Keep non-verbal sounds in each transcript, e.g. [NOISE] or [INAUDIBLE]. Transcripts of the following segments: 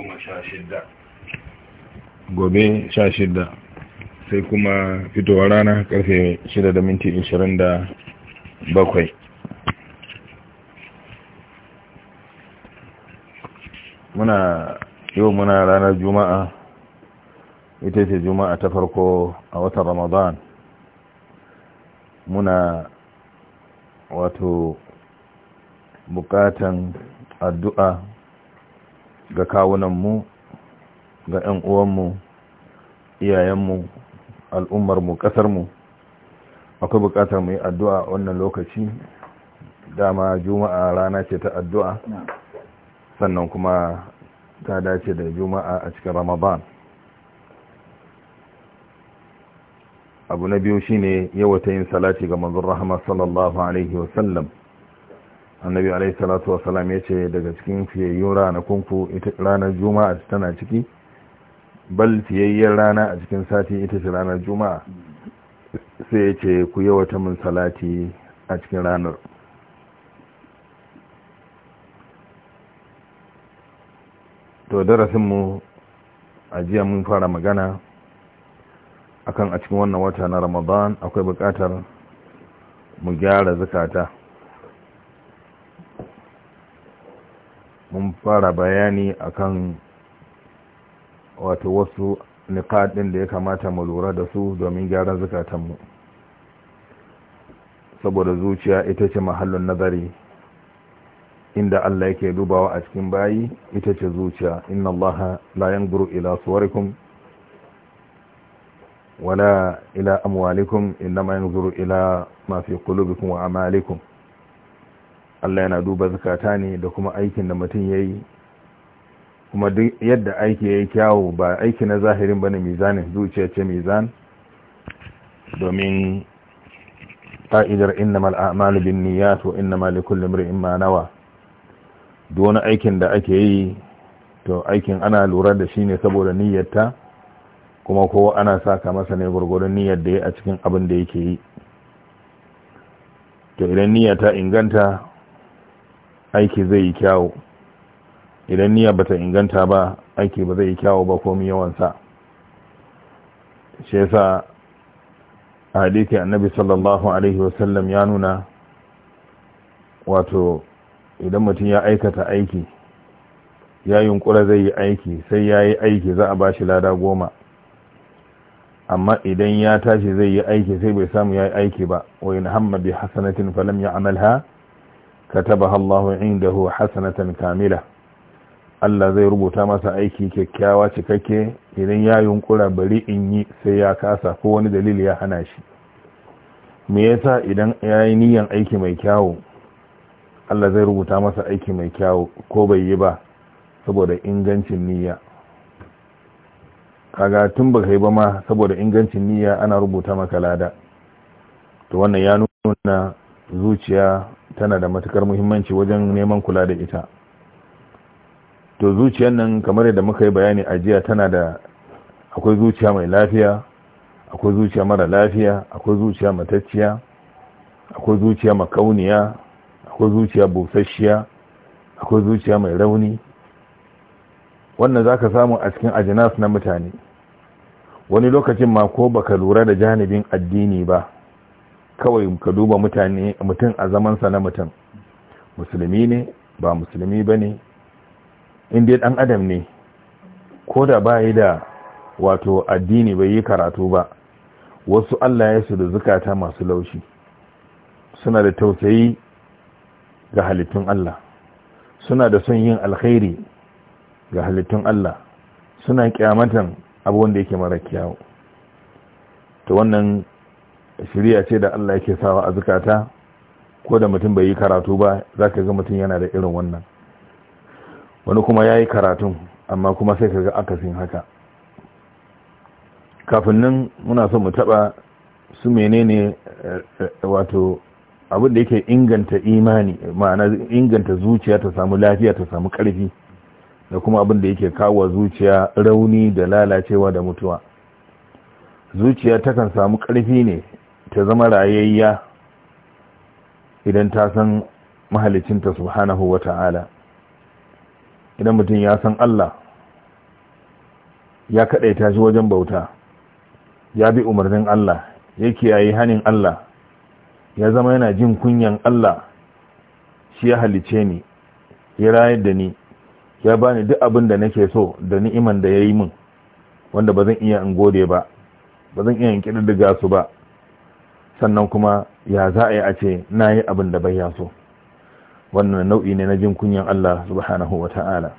goma sha shidda gobe sha shidda sai kuma fitowar rana karfe shida da minti ishirin da bakwai muna yau muna ranar juma'a ita ce juma'a ta farko a watan ramadan muna wato bukatan addu'a ga kawunanmu ga 'yan uwanmu iyayenmu al'ummarmu ƙasarmu akwai buƙatar mu yi addu'a wannan lokaci dama juma'a rana ce ta addu'a sannan kuma ta dace da juma'a a cikin ramadan abu na biyu shine yawata yin salati ga manzon rahama sallallahu alaihi wasallam annabi alaihi salatu wasalam ya ce daga cikin fiyayyun ranakun kunku ita ranar juma'a tana ciki bal fiyayyen rana a cikin sati ita ce ranar juma'a sai ya ce ku yawata min salati a cikin ranar to darasinmu a jiya mun fara magana akan a cikin wannan wata na ramadan akwai bukatar mu gyara zakata mun fara bayani akan wato wasu nikaɗin da ya kamata mu lura da su domin gyaran zukatanmu saboda zuciya ita ce mahallin nazari inda Allah yake dubawa a cikin bayi ita ce zuciya inna Allah la yanzuru ila suwarikum wala ila amwalikum ma yanzuru ila ma fi qulubikum wa amalikum Allah yana duba zakata ne da kuma aikin da mutum ya yi kuma yadda aiki ya yi kyawu ba aiki na zahirin ba ne mizanin zuciya ce mizan domin ƙa'idar innamal a'malu bin wa innamal likulli imrin ma nawa duwani aikin da ake yi to aikin ana lura da shi ne saboda niyyarta kuma kowa ana saka masa ne gwargwadon niyyar da ya a cikin abin da yake yi to idan niyya ta inganta aiki zai yi kyawo idan niyya bata inganta ba aiki ba zai yi kyawu ba komi yawansa shi yasa a hadithi annabi sallallahu alaihi wasallam ya nuna wato idan mutum ya aikata aiki ya yunkura zai yi aiki sai ya yi aiki za a ba shi lada goma amma idan ya tashi zai yi aiki sai bai samu ya yi aiki ba Wani yin hamma bi hasanatin falam ya amalha Ka katabaha Allah indahu hasanatan kamila Allah zai rubuta masa aiki kyakkyawa cikakke idan ya yunkura bari in yi sai ya kasa ko wani dalili ya hana shi me yasa idan ya yi niyan aiki mai kyawu Allah zai rubuta masa aiki mai kyawu ko bai yi ba saboda ingancin niyya kaga tun baka yi ba ma saboda ingancin niyya ana rubuta maka lada to wannan ya nuna zuciya tana da matukar muhimmanci wajen neman kula da ita to zuciyar nan kamar yadda muka yi bayani a jiya tana da akwai zuciya mai lafiya akwai zuciya mara lafiya akwai zuciya matacciya akwai zuciya makauniya akwai zuciya busasshiya akwai zuciya mai rauni wannan za ka samu a cikin ajinas na mutane wani lokacin ma ko baka lura da janibin addini ba kawai ka duba mutane mutum a zamansa na mutum musulmi ne ba musulmi ba ne inda ɗan adam ne ko da ba yi da wato addini bai yi karatu ba wasu allah ya su da zukata masu laushi suna da tausayi ga halittun allah suna da son yin alkhairi ga halittun allah suna kyamatan abu wanda yake mara kyau. ta wannan shirya ce da Allah yake sawa a zukata ko da mutum bai yi karatu ba za ka ga mutum yana da irin wannan wani kuma ya yi karatun amma kuma sai ka ga akasin haka kafin nan muna son mu taɓa su menene eh, eh, wato abin da yake inganta imani ma'ana inganta zuciya ta samu lafiya ta samu karfi da kuma abin da yake kawo zuciya rauni da lalacewa da mutuwa zuciya takan samu karfi ne ta zama rayayya idan ta san mahalicinta subhanahu wa ta'ala idan mutum ya san Allah ya ta shi wajen bauta ya bi umarnin Allah ya kiyaye hannun Allah ya zama yana jin kunyan Allah shi ya halice ni ya rayar da ni ya bani duk abin da nake so da ni'iman da ya yi min wanda ba zan iya in gode ba ba zan iya in ƙididdiga su ba sannan kuma ya za a yi a ce na yi abin da bai ya so wannan nau'i ne na jin kunyan Allah subhanahu wa ta'ala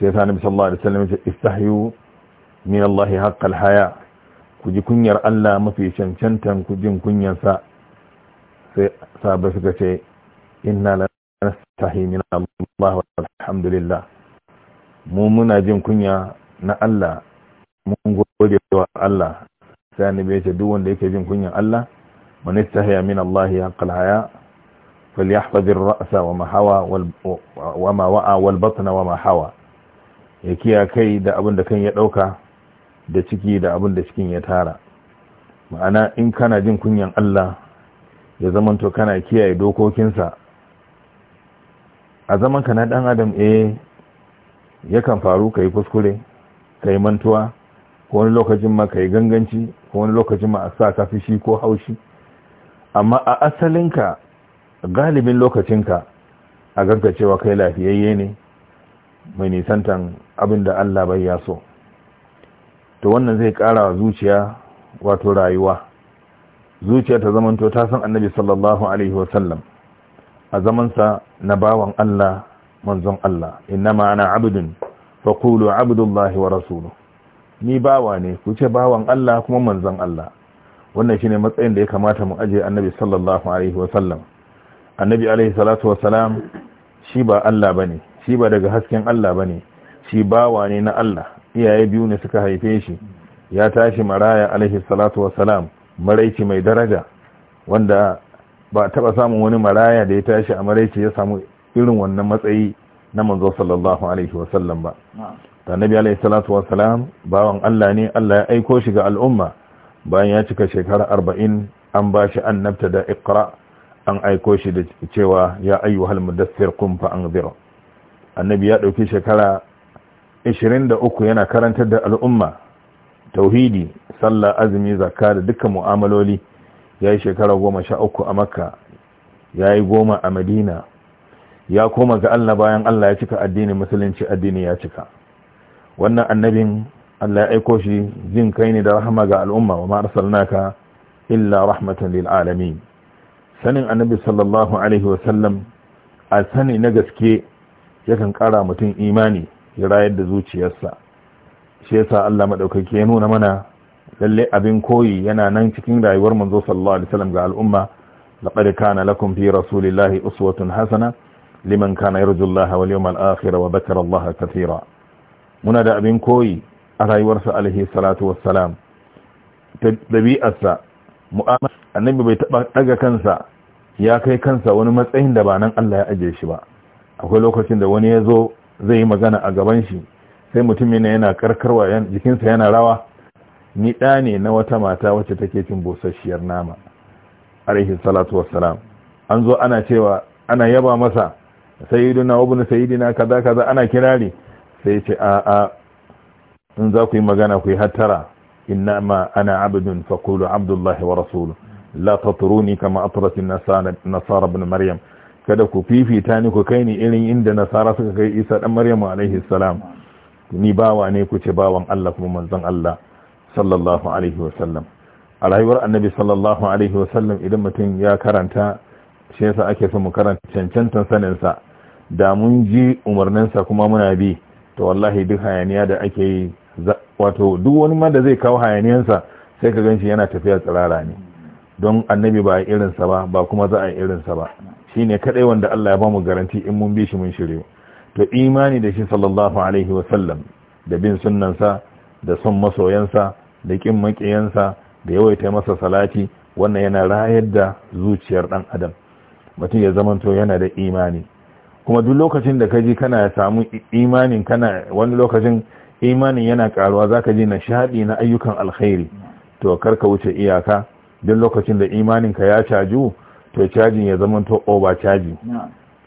sai ta nabi sallallahu alaihi wasallam ya istahyu min Allah haqqal haya ku ji kunyar Allah mafi cancantan ku jin kunyar sa sai sahabbai suka ce inna la nastahi min Allah walhamdulillah mu muna jin kunya na Allah mun gode wa Allah sai annabi ya ce duk wanda yake jin kunyan Allah man istahiya min Allah haqqal haya falyahfaz ya rasa wa ma wa ma wa'a wal wa ma ya kiya kai da abin da kan ya ɗauka da ciki da abin da cikin ya tara ma'ana in kana jin kunyan Allah ya zamanto kana kiyaye dokokinsa a ka na dan adam eh yakan faru kai kuskure kai mantuwa ko wani lokacin ma ka yi ganganci ko wani lokacin ma a sa ka shi ko haushi amma a asalinka galibin lokacinka a ganka cewa kai lafiyayye ne mai nisantan abin da Allah bai ya so to wannan zai kara wa zuciya wato rayuwa zuciya ta zamanto ta san annabi sallallahu alaihi wasallam a zamansa na bawan Allah manzon Allah inna ma ana abdun faqulu abdullahi wa rasuluhu ni bawa ne ku ce bawan Allah kuma manzon Allah wannan shine matsayin da ya kamata mu aje annabi sallallahu alaihi wa sallam annabi alaihi salatu wa salam shi ba Allah bane shi ba daga hasken Allah bane shi bawa ne na Allah iyaye biyu ne suka haife shi ya tashi maraya alaihi salatu wa salam maraici mai daraja wanda ba taba samun wani maraya da ya tashi a maraici ya samu irin wannan matsayi na manzo sallallahu alaihi wa sallam ba annabi alayhi salatu wassalam bawan Allah ne Allah ya aiko shi ga al'umma bayan ya cika shekara arba'in an bashi annabta da iqra an aiko shi da cewa ya ayyuhal mudaththir qum fa anzir annabi ya dauki shekara 23 yana karantar da al'umma tauhidi sallah azumi zakka da dukkan mu'amaloli yayi shekara 13 a makka yayi goma a madina ya koma ga Allah bayan Allah ya cika addinin musulunci addini ya cika wannan annabin Allah ya aiko shi jin kai ne da rahama ga al'umma wa ma arsalnaka illa rahmatan lil alamin sanin annabi sallallahu alaihi wa sallam a sani na gaske yakan kara mutum imani ya rayar da zuciyarsa shi yasa Allah madaukake ya nuna mana lalle abin koyi yana nan cikin rayuwar manzo sallallahu alaihi wasallam ga al'umma laqad kana lakum fi rasulillahi uswatun hasana liman kana yarju Allah wal yawmal akhir wa dhakara Allah katira muna da abin koyi a rayuwarsa alaihi salatu wassalam ta dabi'arsa mu'amala annabi bai taba daga kansa ya kai kansa wani matsayin da ba nan Allah ya ajiye shi ba akwai lokacin da wani ya zo zai yi magana a gaban shi sai mutum yana yana karkarwa jikinsa yana rawa ni ɗa ne na wata mata wacce take cin busasshiyar nama alaihi salatu wassalam an zo ana cewa ana yaba masa sayyidina ibn sayyidina kaza kaza ana kirari sai ce a'a in za ku yi magana ku yi hattara innama ana abdun faqulu abdullahi wa rasuluhu la tatruni kama atrat nasara ibn maryam kada ku fifita ni ku kai ni irin inda nasara suka kai isa dan maryamu alaihi salam ni bawa ne ku ce bawan Allah kuma manzon Allah sallallahu alaihi wasallam a rayuwar annabi sallallahu alaihi sallam idan mutum ya karanta shi yasa ake so mu karanta cancantan sanin sa da mun ji umarnin sa kuma muna bi to wallahi duk hayaniya da ake yi wato duk wani ma da zai kawo hayaniyansa sai ka ganshi yana tafiya tsirara ne don annabi ba a irinsa ba ba kuma za a irinsa ba shi ne kaɗai wanda Allah ya ba mu garanti in mun bi shi mun shirye to imani da shi sallallahu alaihi wasallam da bin sunnansa da son masoyansa da kin maƙiyansa da yawaita masa salati wannan yana rayar da zuciyar ɗan adam mutum ya zamanto yana da imani kuma duk lokacin da ka ji kana samu imanin kana wani lokacin imanin yana karuwa zaka ji nishadi na ayyukan alkhairi to karka wuce iyaka duk lokacin da imanin ka ya caju to cajin ya zama to overcharging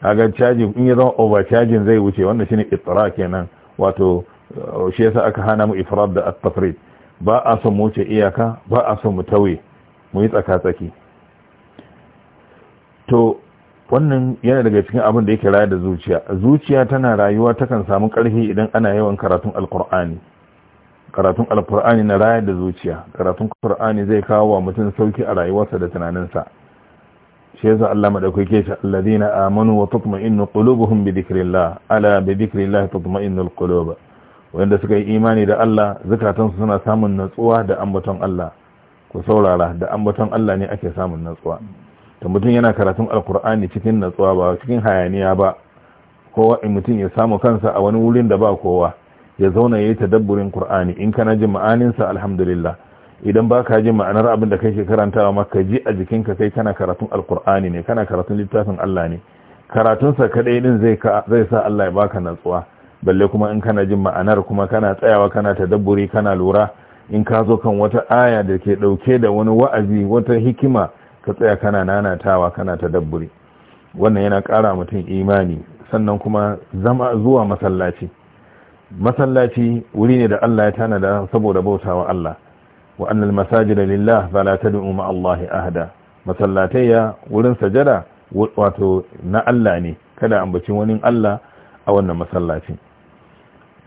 kaga caji in ya zama overcharging zai wuce wannan shine ittira kenan wato uh, shi yasa aka hana mu ifrad da at-tafrid ba a son mu wuce iyaka ba a son mu tawe mu yi tsaka tsaki to wannan yana daga cikin abin da yake rayar da zuciya zuciya tana rayuwa takan samu karfi idan ana yawan karatun alkur'ani karatun alkur'ani na rayar da zuciya karatun alkur'ani zai kawo wa mutum sauki a rayuwarsa da tunaninsa shi yasa Allah madaukake shi alladhina amanu wa tatma'innu qulubuhum bi dhikrillah ala bi dhikrillah tatma'innu alqulub wanda suka yi imani da Allah zakatansu suna samun natsuwa da ambaton Allah ku saurara da ambaton Allah ne ake samun natsuwa da mutum yana karatun alkur'ani cikin natsuwa ba cikin hayaniya ba kowa in mutum ya samu kansa a wani wurin da ba kowa ya zauna ya yi tadabburin kur'ani in kana jin ma'aninsa alhamdulillah idan ba ka jin ma'anar abin da kai ke karantawa maka ji a jikinka kai kana karatun alkur'ani ne kana karatun littafin Allah ne karatunsa kaɗai din zai sa Allah ya baka natsuwa balle kuma in kana jin ma'anar kuma kana tsayawa kana tadabburi kana lura in ka zo kan wata aya da ke ɗauke da wani wa'azi wata hikima ka tsaya kana nanatawa kana ta dabburi wannan yana kara mutum imani sannan kuma zama zuwa masallaci masallaci wuri ne da Allah ya tanada saboda bautawa Allah wa annal masajida lillah fala tad'u ma Allah ahada masallatayya wurin sajada wato na Allah ne kada ambaci wani Allah a wannan masallaci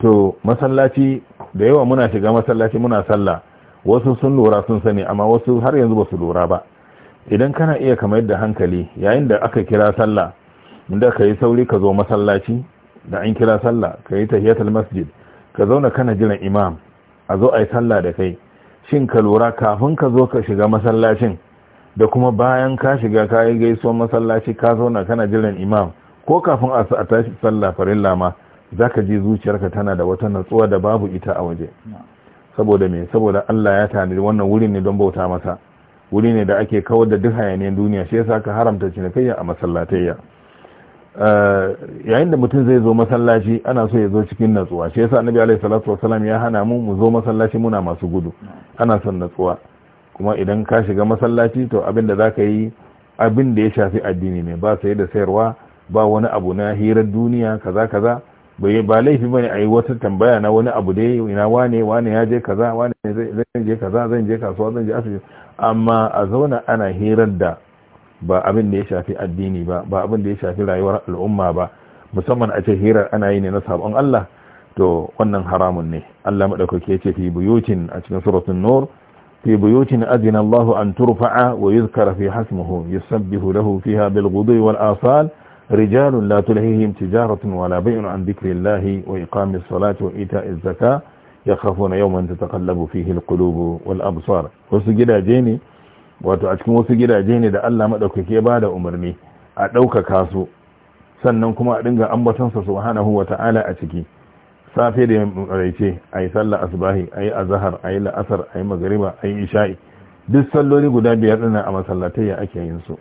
to masallaci da yawa muna shiga masallaci muna sallah wasu sun lura sun sani amma wasu har yanzu ba su lura ba idan kana iya kamar da hankali yayin da aka kira sallah inda ka yi sauri ka zo masallaci da an kira sallah ka yi tahiyatul masjid ka zauna kana jiran imam a zo a yi sallah da kai shin ka lura kafin ka zo ka shiga masallacin da kuma bayan ka shiga ka yi gaisuwar masallaci ka zauna kana jiran imam ko kafin a tashi sallah farilla ma za ka ji zuciyarka tana da wata natsuwa da babu ita a waje saboda me saboda Allah ya tanadi wannan wurin ne don bauta masa wuri ne da ake kawar da duk hayaniyar duniya shi yasa ka haramta cinikayya a masallatayya eh, yayin da mutum zai zo masallaci ana so ya zo cikin natsuwa shi yasa annabi alaihi salatu salam ya hana mu mu zo masallaci muna masu gudu ana son natsuwa kuma idan ka shiga masallaci to abin da zaka yi abin da ya shafi addini ne ba sai da sayarwa ba wani abu na hirar duniya kaza kaza bai ba laifi bane a yi wata tambaya na wani abu dai ina wane wane ya je kaza wane zai je kaza zan je kasuwa zan je asibiti amma a zauna ana hirar da ba abin da ya shafi addini ba ba abin da ya shafi rayuwar al'umma ba musamman a ce hirar ana yi ne na sabon Allah to wannan haramun ne Allah madaukake ce fi buyutin a cikin suratul nur fi buyutin adina Allah an turfa'a wa yuzkara fi hasmuhu yusabbihu lahu fiha bil ghudwi wal asal rijalun la tulhihim tijaratun wala bay'un an dhikrillahi wa iqamis salati wa ita'iz zakah yakhafuna yawman tataqallabu fihi alqulubu wal absar wasu gidaje ne wato a cikin wasu gidaje ne da Allah maɗaukake ya da umarni a ɗaukaka su sannan kuma a dinga ambaton sa subhanahu ta'ala a ciki safe da raice ayi sallah asbahi ayi azhar ayi la'asar ayi a ayi isha'i duk salloli guda biyar din a masallatai ya ake yin su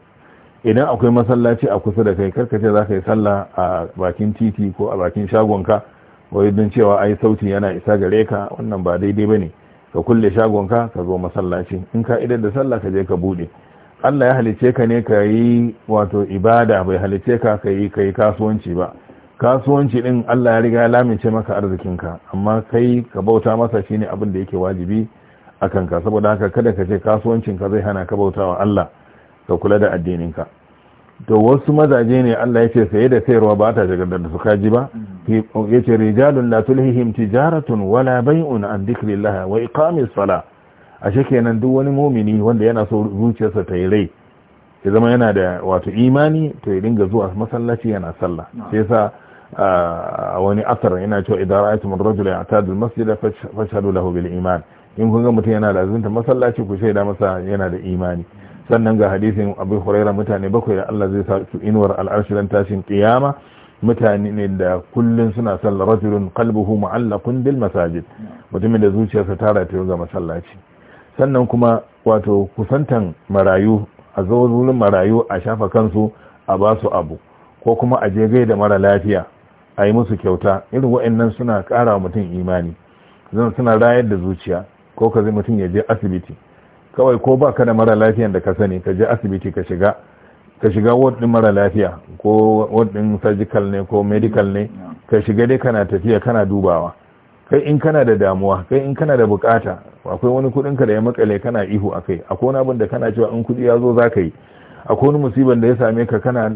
idan akwai masallaci a kusa da kai karkace za ka yi sallah a bakin titi ko a bakin shagonka wai don cewa ai sauti yana isa gare ka wannan ba daidai ba ne ka kulle shagonka ka zo masallaci in ka idar da sallah ka je ka bude Allah ya halice ka ne ka yi wato ibada bai halice ka ka yi ka yi kasuwanci ba kasuwanci din Allah ya riga ya lamince maka arzikinka amma kai ka bauta masa shine abin da yake wajibi akan ka saboda haka kada ka ce kasuwancin ka zai hana ka wa Allah ka kula da addininka to wasu mazaje ne Allah ya ce saye da sayarwa ba ta shigar da su kaji ba mm-hmm. ya ce rijalun la tulhihim tijaratun wala bai'un an dhikrillah wa iqamis sala ashe kenan duk wani mumini wanda yana so zuciyarsa ta yi rai ya zama yana da wato imani to ya dinga zuwa masallaci yana sallah mm-hmm. sai yasa wani asar yana cewa idan ra'aytum ar-rajul ya'tadu al-masjid fashhadu lahu bil iman in kun ga mutum yana da zunta masallaci ku shaida masa yana da imani sannan ga hadisin abu huraira mutane bakwai da Allah zai sa inuwar al'arshi ran tashin kiyama mutane ne da kullun suna sallar rajulun qalbuhu mu'allaqun bil masajid mutumin da zuciyarsa ta rataye ga masallaci sannan kuma wato kusantan marayu a zo wurin marayu a shafa kansu a ba su abu ko kuma a je gaida mara lafiya a yi musu kyauta irin wa'annan suna karawa mutum imani zan suna rayar da zuciya ko ka zai mutum ya je asibiti kawai ko ba ka da mara lafiyan da ka sani ka je asibiti ka shiga ka shiga ward din mara lafiya ko ward din surgical ne ko medical ne ka shiga dai kana tafiya kana dubawa kai in kana da damuwa kai in kana da bukata akwai wani kudin ka da ya makale kana ihu akai akwai wani abin da kana cewa in kudi ya zo za ka yi akwai wani musibin da ya same ka kana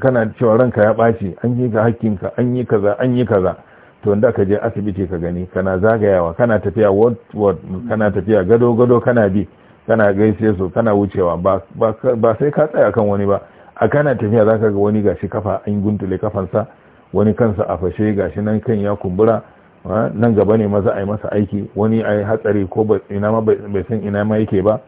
kana cewa ranka ya baci an yi ka hakkinka an yi kaza an yi kaza to wanda ka je asibiti ka gani kana zagayawa kana tafiya ward ward kana tafiya gado gado kana bi kana gaishe su kana wucewa ba sai ka tsaya kan wani ba a kana tafiya za ka ga wani gashi kafa an guntule kafansa wani kansa a fashe gashi nan kan ya kumbura nan gaba ne maza a yi masa aiki wani a yi hatsari ko ina ma bai san ina ma yake ba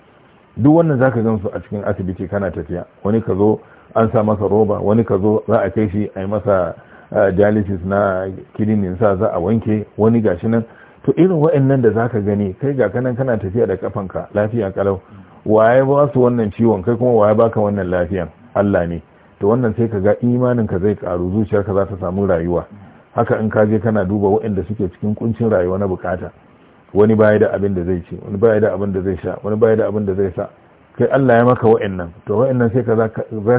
duk wannan za ka gan su a cikin asibiti kana tafiya wani ka zo an sa masa roba wani ka zo za a kai shi a yi masa eh, dialysis na kidinin sa za a wanke wani gashi nan to irin wa'annan da zaka gani kai ga kanan kana tafiya da kafanka lafiya kalau waye ba su wannan ciwon kai kuma waye baka wannan lafiyan Allah ne to wannan sai ka ga imanin ka zai karu zuciyarka za ta samu rayuwa haka in ka je kana duba wa'anda suke cikin kuncin rayuwa na bukata wani baya da abin da zai ci wani baya da abin da zai sha wani baya da abin da zai sa kai Allah ya maka wa'annan to wa'annan sai ka za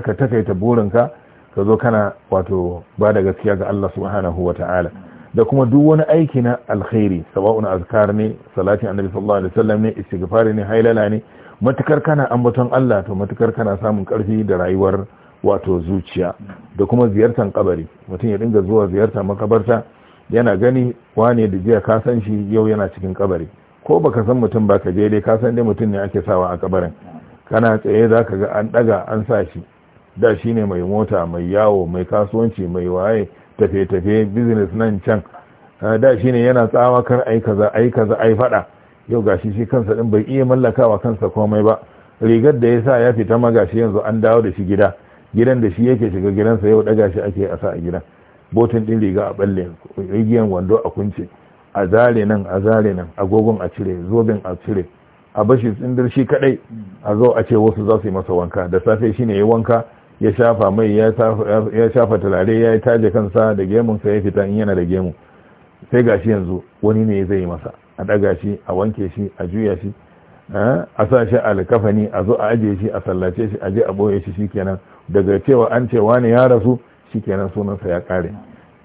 ka takaita burinka ka zo kana wato ba da gaskiya ga Allah subhanahu wa ta'ala da kuma duk wani aiki na alkhairi saba'un azkar ne salatin annabi sallallahu alaihi wasallam ne istighfar ne hailala ne matukar kana ambaton Allah to matukar kana samun karfi da rayuwar wato zuciya da kuma ziyartar kabari mutum ya dinga zuwa ziyarta makabarta yana gani wane da jiya ka san shi yau yana cikin kabari ko baka san mutum ba ka je dai ka san dai mutum ne ake sawa a kabarin kana tsaye za ka ga an daga an sa shi da shi ne mai mota mai yawo mai kasuwanci mai waye tafe-tafe business nan can ah, da shi ne yana tsawa kar ai kaza yi kaza ai faɗa yau gashi shi kansa din bai iya mallakawa kansa komai ba rigar da ya sa ya fita gashi yanzu an dawo da shi gida gidan da shi yake shiga gidansa yau daga shi ake a sa a gidan botin din riga a balle rigiyan wando a kunce a zare nan a zare nan agogon a cire zobin a cire a bashi tsindir shi kadai a zo a ce wasu za su yi masa wanka da safe shi ne ya wanka ya shafa mai ya shafa turare ya yi taje kansa da gemunsa ya fita in yana da gemu sai gashi yanzu wani ne zai yi masa a daga shi a wanke shi a juya shi a sa shi a alkafani a zo a ajiye shi a sallace shi a je a boye shi shikenan daga cewa an ce wani ya rasu shikenan sunansa ya kare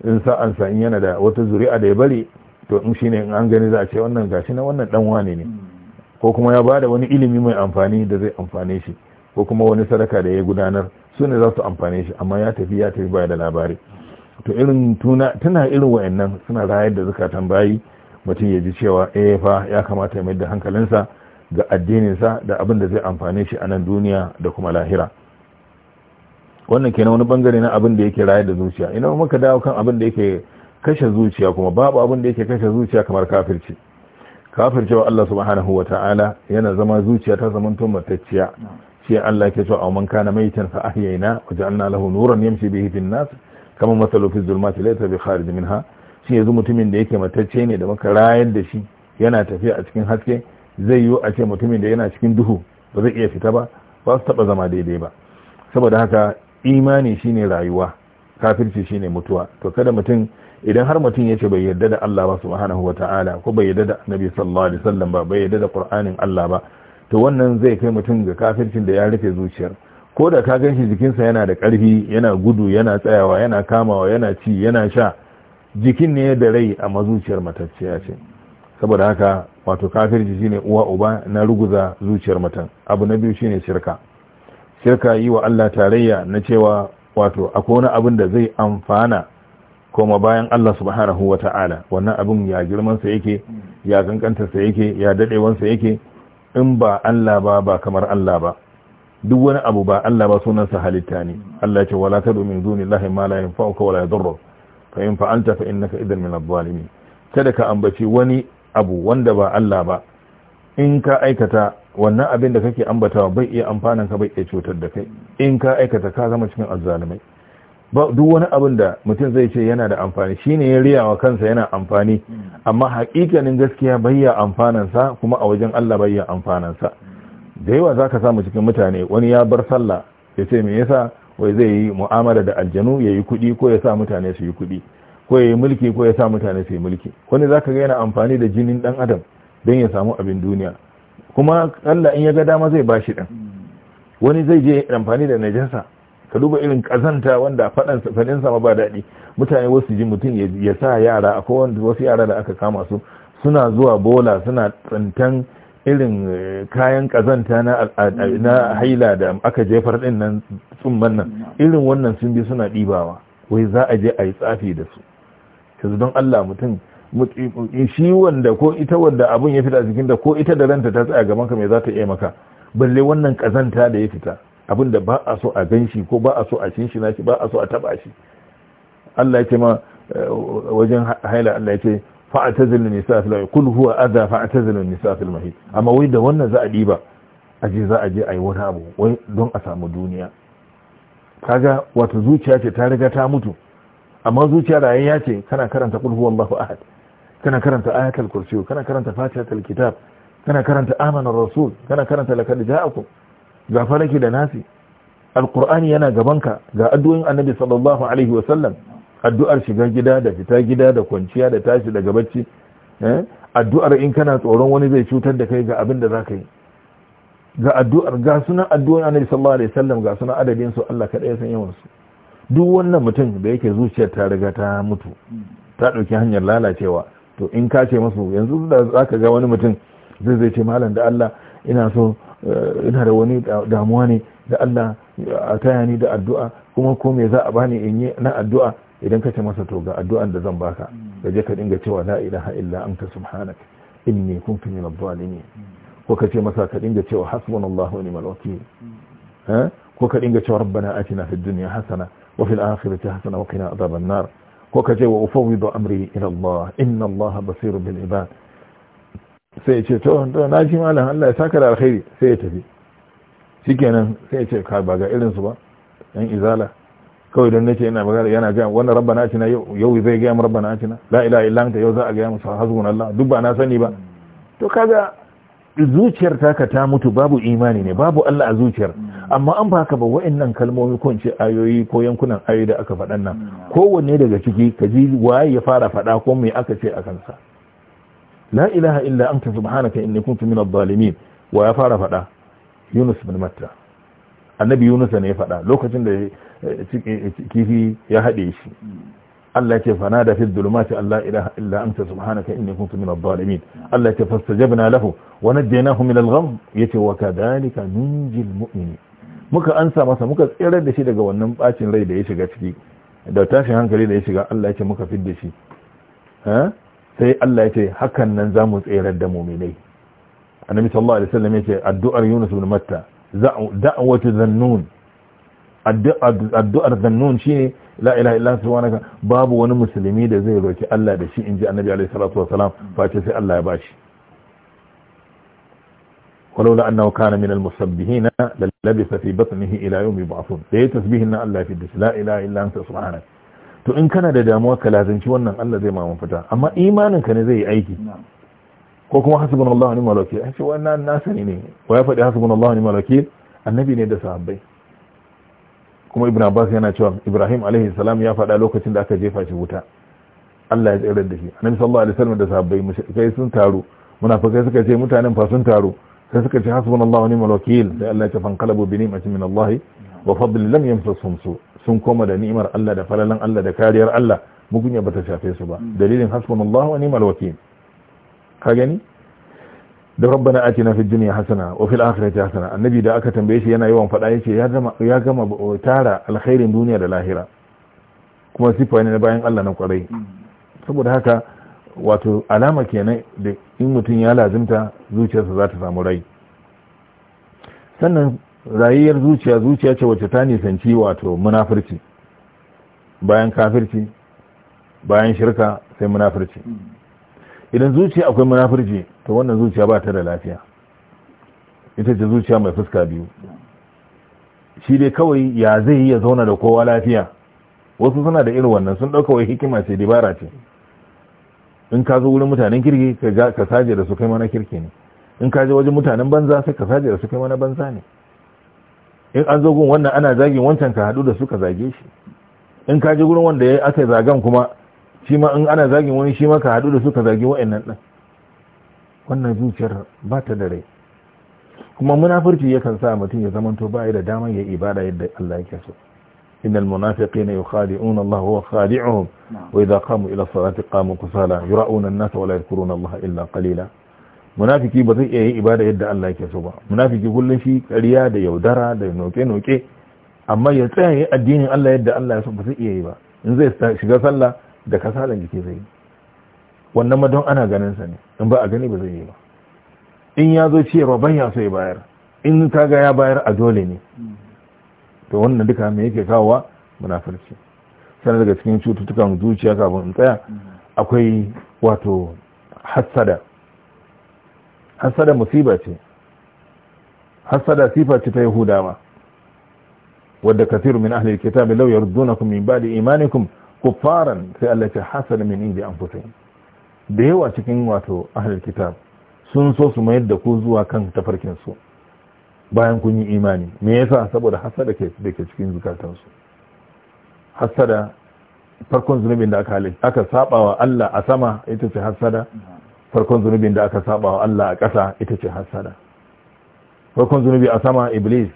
in sa'an sa in yana da wata zuri'a da ya bari to in shine in an gani za a ce wannan gashi na wannan dan wane ne ko kuma ya bada wani ilimi mai amfani da zai amfane shi ko kuma wani sadaka da ya gudanar su ne za su amfane shi amma ya tafi ya tafi baya da labari to irin tuna tana irin wayannan suna rayar da zukatan bayi mutum ya ji cewa eh fa ya kamata ya mai da hankalinsa ga addininsa da abin da zai amfane shi a nan duniya da kuma lahira wannan kenan wani bangare na abin da yake rayar da zuciya ina muka dawo kan abin da yake kashe zuciya kuma babu abin da yake kashe zuciya kamar kafirci kafircewa Allah subhanahu wa ta'ala yana zama zuciya ta zamanto matacciya shi Allah yake cewa man kana maitan fa ahyayna wa ja'alna lahu nuran yamshi bihi fin nas kama mathalu fi zulmati laysa bi kharij minha shi yanzu mutumin da yake matacce ne da muka rayar da shi yana tafiya a cikin haske zai yiwu a ce mutumin da yana cikin duhu ba zai iya fita ba ba su taba zama daidai ba saboda haka imani shine rayuwa kafirci shine mutuwa to kada mutum idan har mutum ya ce bai yarda da Allah ba subhanahu wataala ko bai yarda da Annabi sallallahu alaihi wasallam ba bai yarda da Qur'anin Allah ba to wannan zai kai mutum ga kafircin da ya rufe zuciyar ko da ka gan shi jikinsa yana da ƙarfi yana gudu yana tsayawa yana kamawa yana ci yana sha jikin ne da rai a mazuciyar matacciya ce saboda haka wato kafirci shine uwa uba na ruguza zuciyar mutum abu na biyu shine shirka shirka yi wa Allah tarayya na cewa wato akwai wani abin da zai amfana koma bayan Allah subhanahu wata'ala wannan abin ya girman sa yake ya kankantar sa yake ya dadewan sa yake in ba Allah ba ba kamar Allah ba duk wani abu ba Allah ba sunansa halitta ne Allah ce wala tadu min dunillahi ma la yanfa'uka wala yadurruk fa in fa'alta fa innaka idan min adh-dhalimin kada ka ambaci wani abu wanda ba Allah ba in ka aikata wannan abin da kake ambatawa bai iya amfanan ka bai iya cutar da kai in ka aikata ka zama cikin azzalimai duk wani abin da mutum zai ce yana da amfani shi ne ya riyawa kansa yana amfani amma haƙiƙanin gaskiya bayya amfanansa kuma a wajen Allah bayya amfanansa da yawa za zaka samu cikin mutane wani ya bar sallah ya ce me yasa wai zai yi mu'amala da aljanu ya yi kuɗi ko ya sa mutane su yi kuɗi ko ya yi mulki ko ya sa mutane su yi mulki wani zaka ga yana amfani da jinin ɗan adam don ya samu abin duniya kuma Allah in ya ga dama zai bashi din wani zai je amfani da najasa ka duba irin kazanta wanda fadan fadin sama ba daɗi mutane wasu ji mutum ya sa yara akwai wasu yara da aka kama su suna zuwa bola suna tsantan irin eh, kayan kazanta na mm. haila da aka jefar din nan tsumman nan mm. irin wannan sun bi suna ɗibawa wai za a je a yi tsafi da su yanzu don Allah mutum shi wanda ko ita wanda abun ya fita a da ko ita da ranta ta tsaya gaban ka mai za ta iya maka balle wannan kazanta da ya fita abinda ba a so a gan shi ko ba a so a shinshina shi ba a so a taba shi Allah ya ce ma eh, wajen haila Allah ya ce fa'tazilun nisa fil kul huwa adha fa'tazilun nisa fil mahid amma wai da wannan za a diba a je za a je ayi wani abu wai don a samu duniya kaga wata zuciya ce ta riga ta mutu amma zuciya da ya ce kana karanta kul huwallahu ahad kana karanta ayatul kursi kana karanta fatihatul kitab kana karanta amanar rasul kana karanta lakad ja'akum ga falaki da nasi alkur'ani yana gabanka ga addu'o'in annabi sallallahu alaihi wasallam addu'ar shiga gida da fita gida da kwanciya da tashi daga bacci eh? addu'ar in kana tsoron wani zai cutar da kai ga abin da za yi ga addu'ar ga sunan annabi sallallahu alaihi wasallam ga sunan adadin su Allah kaɗai ya san yawan su duk wannan mutum da yake zuciyar ta riga ta mutu ta ɗauki hanyar lalacewa to in ka ce masu yanzu da zaka ga wani mutum zai zai ce malam da Allah ina so Eh, ina da wani damuwa ne da Allah a taya ni da addu'a kuma ko me za a bani in yi na addu'a idan ka ce masa to ga addu'an da zan baka da je ka dinga cewa la ilaha illa anta subhanak inni kuntu min adh-dhalimin ko ka ce masa ka dinga cewa hasbunallahu wa ni'mal wakeel ha eh, ko ka dinga cewa rabbana atina fid dunya hasana wa fil akhirati hasana wa qina adhaban nar ko ka ce wa ufawwidu amri ila Allah inna Allah basirun bil ibad sai ce to na ji malam Allah ya saka da alkhairi sai ya tafi shikenan sai ya ce ka ba ga irin su ba yan izala kawai don nake ina magana yana ga wannan rabbana atina yau zai ga mu rabbana atina la ilaha illa anta yau za a ga mu hasbun Allah duk ba na sani ba to kaga zuciyar taka ta mutu babu imani ne babu Allah a zuciyar amma an baka ba wa'annan kalmomi ko ince ayoyi ko yankunan ayoyi da aka faɗan nan kowanne daga ciki kaji waye ya fara faɗa ko me aka ce a kansa la ilaha illa anta subhanaka inni kuntu minadh zalimin wa ya fara fada Yunus bin Matta annabi Yunus ne ya fada lokacin da eh, eh, kifi ya hade shi Allah ya ce fana da fi dhulumati Allah ilaha illa anta subhanaka inni kuntu minadh zalimin Allah ya ce fastajabna lahu wa najaynahu min al-gham yace wa kadhalika nunjil mu'minin muka ansa masa muka tsirar da shi daga wannan bacin rai da ya shiga ciki da tashin hankali da ya shiga Allah ya ce muka fidda shi ha sai Allah ya ce hakan nan za mu tserar da muminai annabi sallallahu alaihi wasallam ya ce addu'ar Yunus ibn Matta da'watu zannun addu'ar zannun shine la ilaha illa subhanaka babu wani musulmi da zai roki Allah da shi inji annabi alaihi salatu wasalam face sai Allah ya bashi ولولا أنه كان من المسبحين للبث في بطنه إلى يوم يبعثون ليه تسبيح أن الله في الدس لا إله إلا أنت سبحانك to in kana da damuwa ka lazanci wannan Allah zai ma mafita amma imanin ka ne zai yi aiki ko kuma hasbunallahu ni'mal wakeel an ce wannan na sani ne wa ya faɗi hasbunallahu ni'mal wakeel annabi ne da sahabbai kuma ibn abbas yana cewa ibrahim alaihi salam ya faɗa lokacin da aka jefa shi wuta Allah ya tsere da shi annabi sallallahu alaihi wasallam da sahabbai mushrikai sun taru munafikai suka ce mutanen fa sun taru sai suka ce hasbunallahu ni'mal wakeel sai Allah ya ce fankalabu bi ni'matin min Allah wa fadlin lam yamsasuhum su' sun koma da ni'imar Allah da falalan Allah da kariyar Allah mugunya bata shafe su ba mm. dalilin hasbunallahu wa ni'mal wakeel ka gani da rabbana atina fid dunya hasana wa fil akhirati hasana annabi da aka tambaye shi yana yawan fada yace ya gama ya gama tara alkhairin duniya da lahira kuma sifa ne bayan Allah na kwarai mm. saboda haka wato alama kenan da in mutum ya lazimta zuciyarsa za ta samu rai sannan rayuwar zuciya zuciya ce wacce ta nisanci wato munafirci bayan kafirci bayan shirka sai munafirci idan zuciya akwai munafirci to wannan zuciya ba ta da lafiya ita ce zuciya mai fuska biyu shi dai kawai ya zai yi ya zauna da kowa lafiya wasu suna da irin wannan sun ɗauka wai hikima ce dibara ce in ka zo wurin mutanen kirki ka saje da su kai mana kirki ne in ka je wajen mutanen banza sai ka saje da su kai mana banza ne in an zo gun wannan ana zagin wancan ka hadu da suka zage shi in ka ji gurin wanda ya aka zagan kuma shi ma in ana zagin wani shi ma ka hadu da suka zage wa'annan din wannan zuciyar ba ta da rai kuma munafurci yakan sa mutum ya to bai da dama ya ibada yadda Allah yake so إن المنافقين يخادعون الله وهو خادعهم وإذا قاموا إلى الصلاة قاموا كسالى يرأون الناس ولا يذكرون الله إلا قليلا munafiki ba zai iya yin ibada yadda Allah yake so ba munafiki kullum shi ƙarya da yaudara da noke-noke amma ya tsaya yi addinin Allah yadda Allah ya so ba zai iya yi ba in zai shiga sallah da kasalan jiki zai yi wannan ma ana ganin sa ne in ba a gani ba zai yi ba in ya zo ba ban ya so ya bayar in ka ga ya bayar a dole ne to wannan duka me yake kawowa munafurci sannan daga cikin cututtukan zuciya kafin in tsaya akwai wato hassada hasada musiba ce hasada sifa ce ta yahudawa wadda kathiru min ahli alkitab law yardunakum min ba'di imanikum kuffaran sai Allah ya min indi anfusikum da yawa cikin wato ahli alkitab sun so su mayar da ku zuwa kan tafarkin su bayan kun yi imani me yasa saboda hasada ke da ke cikin su hasada farkon zunubin da aka aka sabawa Allah a sama ita ce hasada farkon zunubin da aka saba wa Allah a ƙasa ita ce hasada farkon zunubi a sama iblis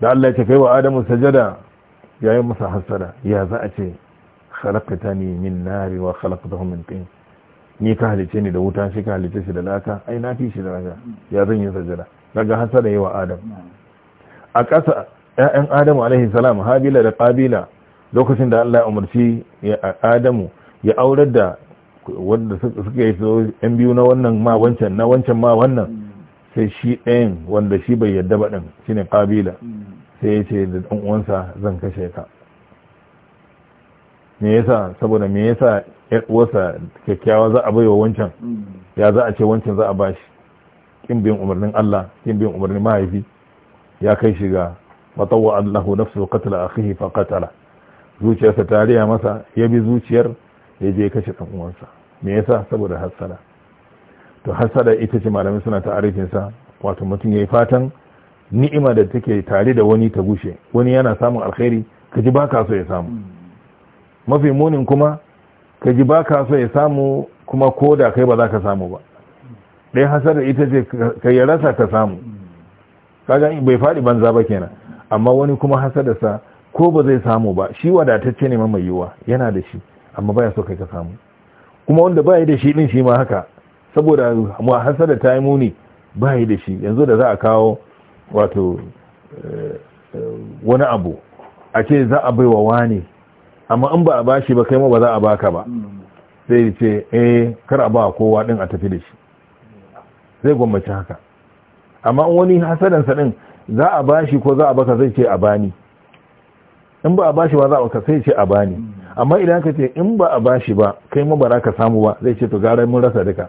da Allah ya ce kai wa adamu sajada yayin masa hasada ya za a ce ni min nari wa khalaqtahu min tin ni ka halice ni da wuta shi ka halice shi da laka ai na fi shi da laka ya zan yi sajada daga hasada yi wa adam a ƙasa ‘ya'yan adamu alaihi salam habila da ƙabila lokacin da Allah ya umarci adamu ya aurar da wanda suka yi yan biyu na wannan ma wancan na wancan ma wannan mm. sai shi ɗayan wanda shi bai yadda ba ɗin shi ne ƙabila mm. sai ya ce da ɗan uwansa zan kashe ka me yasa saboda me yasa ƴar kyakkyawa za a bai wa wancan mm. ya za a ce wancan za a bashi kin bin umarnin Allah kin bin umarnin mahaifi ya kai shi ga matawwa Allahu nafsu qatala akhihi fa qatala zuciyarsa ta riya masa ya bi zuciyar ya je kashe ɗan uwansa me yasa saboda hassada to hassada ita ce malamai suna ta'arifin wato mutum ya yi fatan ni'ima da take tare da wani ta gushe wani yana samun alkhairi kaji ba so ya samu mafi munin kuma kaji ba so ya samu kuma ko da kai ba za ka samu ba ɗaya hasara ita ce ka ya rasa ka samu kaga bai faɗi banza ba kenan amma wani kuma hasararsa ko ba zai samu ba shi wadatacce ne mai yana da shi amma baya so kai ka samu kuma wanda baya da shi din shi ma haka saboda mu hasada ta yi muni baya da shi yanzu da za a kawo wato eh, wani abu a ce za a baiwa wani amma in ba a bashi ba kai ma ba za a baka ba sai ce eh kar a ba kowa din a tafi da shi zai gwammaci haka amma in wani hasadansa din za a bashi ko za a baka zai ce a bani in ba a bashi ba za a baka sai ce a bani amma idan ka ce in ba a bashi ba kai ma ba ka samu ba zai ce to gara mun rasa duka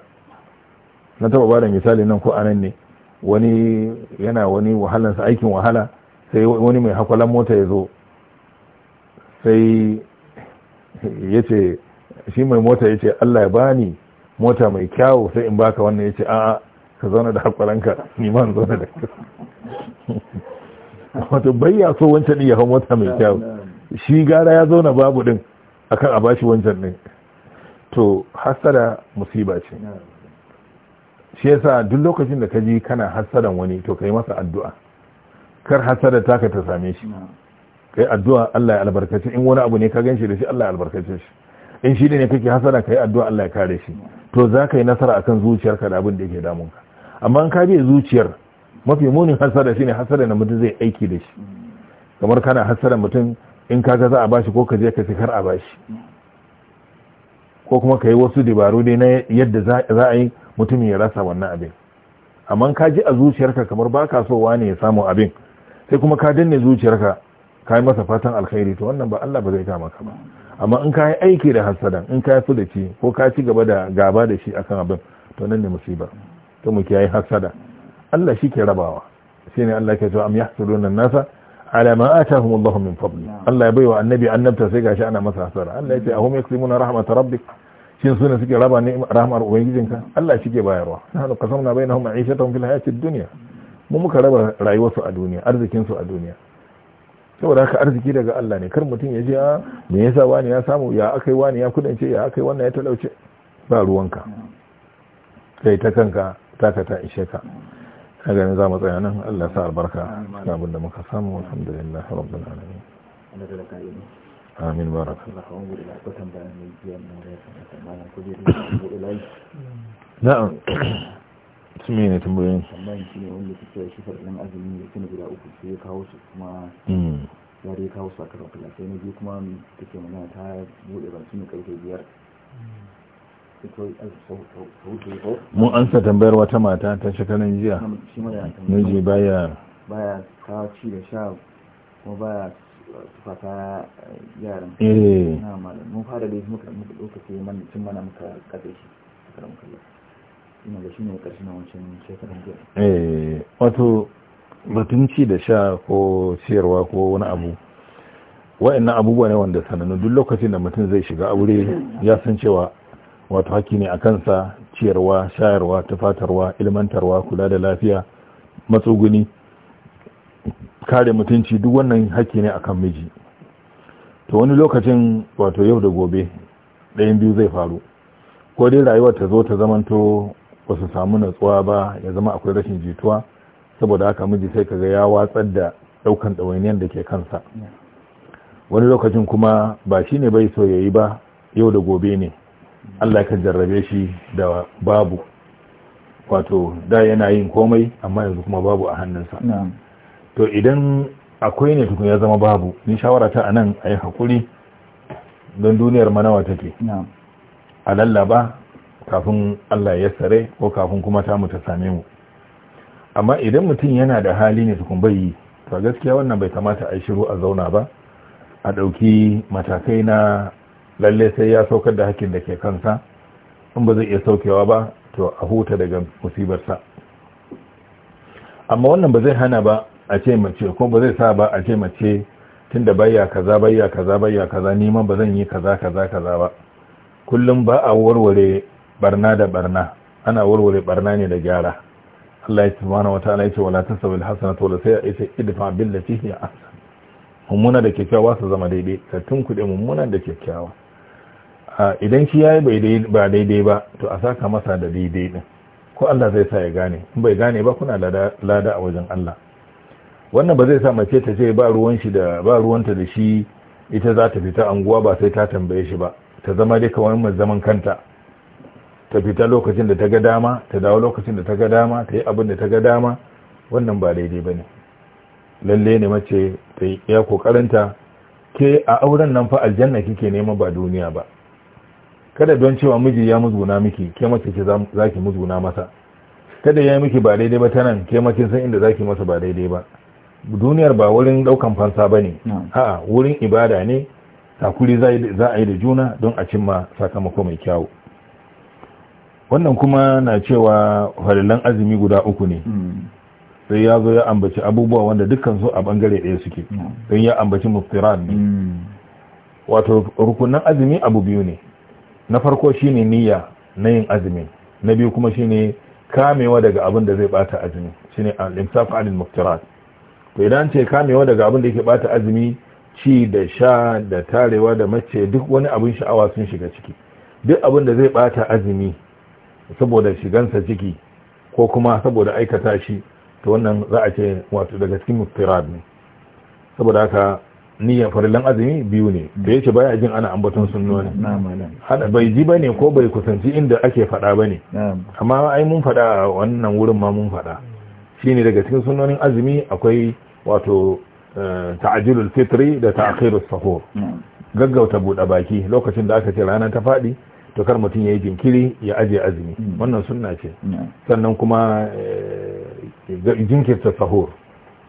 na taba ba da misali nan ko anan ne wani yana wani wahalansa aikin wahala sai wani mai hakwalan mota ya zo sai ya ce shi mai mota ya ce allah ya bani mota mai kyawu sai in baka wannan ya ce a'a ka zauna da hakwalanka neman zauna da [LAUGHS] wato bayya so wancan ya hau mota mai kyawu shi gara ya zauna babu din akan a bashi wancan ne. to hasada musiba ce shi yasa duk lokacin da ka ji kana hasadan wani to kai masa addu'a kar hasada ka ta same shi kai addu'a Allah ya albarkace in wani abu ne ka ganshi da shi Allah ya albarkace shi in shi ne kake hasada kai addu'a Allah ya kare shi to za ka yi nasara akan zuciyarka da abin da yake ka. amma in ka bi zuciyar mafi munin hasada shine hasada na mutum zai aiki da shi mm. kamar kana hasada mutum in kaga za a bashi ko ka je ka fi kar a bashi ko kuma ka yi wasu dabaru dai na yadda za a yi mutum ya rasa wannan abin amma ka ji a zuciyarka kamar ba ka so wani ya samu abin sai kuma ka danne zuciyarka ka yi masa fatan alkhairi to wannan ba Allah ba zai kama ka ba amma in ka yi aiki da hasadan in ka yi ci ko ka ci gaba da gaba da shi akan abin to nan ne musiba to mu kiyaye hasada Allah shi ke rabawa shine Allah ke cewa am yahsuduna nasa ala ma atahum Allah min fadli Allah ya baiwa annabi annabta sai gashi ana masa hasara Allah ya ce ahum yaksimuna rahmat rabbik shin suna suke raba a ne rahmar ubangijinka Allah shi ke bayarwa a nahnu qasamna bainahum ma'ishatahum fil hayatid dunya mu muka raba rayuwarsu a duniya arzikin su a duniya saboda haka arziki daga Allah ne kar mutum ya ji a me yasa wani ya samu ya akai wani ya kudance ya akai wannan ya talauce ba ruwanka sai ta kanka taka ta ishe ka a ganin za mu tsaya nan Allah sa albarka cikin abin da muka samu alhamdulillah rabbil alamin amin baraka na'am su me ne tambayoyin tambayin shi ne wanda ke cewa shi faɗin azumi da tuni guda uku sai ya kawo su kuma hmm. ya dai kawo su a karon sai na biyu kuma take magana ta buɗe ban su ne karfe biyar mu an sa tambayar wata mata ta shekaran jiya miji baya baya kawo ci da sha kuma baya fata yaran eh na malam mun fara da muka muka lokaci man cin mana muka kace shi karam kallo ina da shine karshen wancan shekaran jiya eh wato batun ci da sha ko siyarwa ko wani abu wa'annan abubuwa ne wanda sanannu duk lokacin da mutum zai shiga aure ya san cewa wato haƙƙi ne a kansa ciyarwa shayarwa tufatarwa ilmantarwa kula da lafiya matsuguni kare mutunci duk wannan haƙƙi ne akan miji to wani lokacin wato yau da gobe ɗayan biyu zai faru ko dai rayuwar ta zo ta zamanto ba su samu natsuwa ba ya zama akwai rashin jituwa saboda haka miji sai kaga ya watsar da ɗaukan ɗawainiyar da ke kansa wani lokacin kuma ba shi ne bai so ya yi ba yau da gobe ne Allah ka jarrabe shi da babu wato da yana yin komai amma yanzu kuma babu a hannunsa to idan akwai ne tukun ya zama babu ni shawara ta anan a yi haƙuri don duniyar manawa take a lallaba kafin Allah ya sare ko kafin kuma ta mu ta same mu amma idan mutum yana da hali ne tukun bai yi to gaskiya wannan bai kamata a yi shiru a zauna ba a ɗauki matakai na lalle sai ya saukar da hakkin da ke kansa in ba zai iya saukewa ba to a huta daga musibarsa amma wannan ba zai hana ba a ce mace ko ba zai sa ba a ce mace tunda bayya kaza bayya kaza bayya kaza neman ba zan yi kaza kaza kaza ba kullum ba a warware barna da barna ana warware barna ne da gyara Allah ya wata ana yace wala sai hasanatu wala sayyi'a yace idfa billati hiya ahsan mummuna da kyakkyawa su zama daidai ka kuɗe mummuna da kyakkyawa idan shi yayi ba daidai ba to a saka masa da daidai din ko Allah zai sa ya gane in bai gane ba kuna lada a wajen Allah wannan ba zai sa mace ta ce ba ruwan shi da ba ruwanta da shi ita za ta fita anguwa ba sai ta tambaye shi ba ta zama dai kawai mai zaman kanta ta fita lokacin da ta ga dama ta dawo lokacin da ta ga dama ta yi abin da ta ga dama wannan ba daidai ba ne lalle ne mace ta yi ya kokarinta ke a auren nan fa aljanna kike nema ba duniya ba kada don cewa miji ya musguna miki ke mace ce za ki musguna masa kada ya yi miki ba daidai ba ta nan ke mace san inda za ki masa ba daidai ba duniyar ba wurin daukan fansa ba ne a'a wurin ibada ne takuri za a yi da juna don a cimma sakamako mai kyawu wannan kuma na cewa farilan azumi guda uku ne hmm. sai ya zo ya ambaci abubuwa wanda dukkan su a bangare ɗaya suke don ya ambaci muftiran ne hmm. wato rukunan azumi abu biyu ne na farko shine niyya na yin azumi na biyu kuma shine kamewa daga abin da zai bata azumi shine al-imsak anil muftirat to idan ce kamewa daga abin da yake bata azumi ci da sha da tarewa da mace duk wani abin sha'awa sun shiga ciki duk abin da zai bata azumi saboda shigansa ciki ko kuma saboda aikata shi to wannan za a ce wato daga cikin muftirat ne saboda haka niyyar farillan azumi biyu ne da yake baya jin ana ambaton sunnoni hada bai ji bane ko bai kusanci inda ake fada bane amma ai mun fada wannan wurin ma mun fada shine daga cikin sunnonin azumi akwai wato eh, ta'ajilul fitri da ta'khirus sahur gaggauta buɗe baki lokacin da aka ce rana ta faɗi to kar mutum yayi jinkiri ya aje azumi hmm. wannan sunna ce sannan kuma eh, jinkirta sahur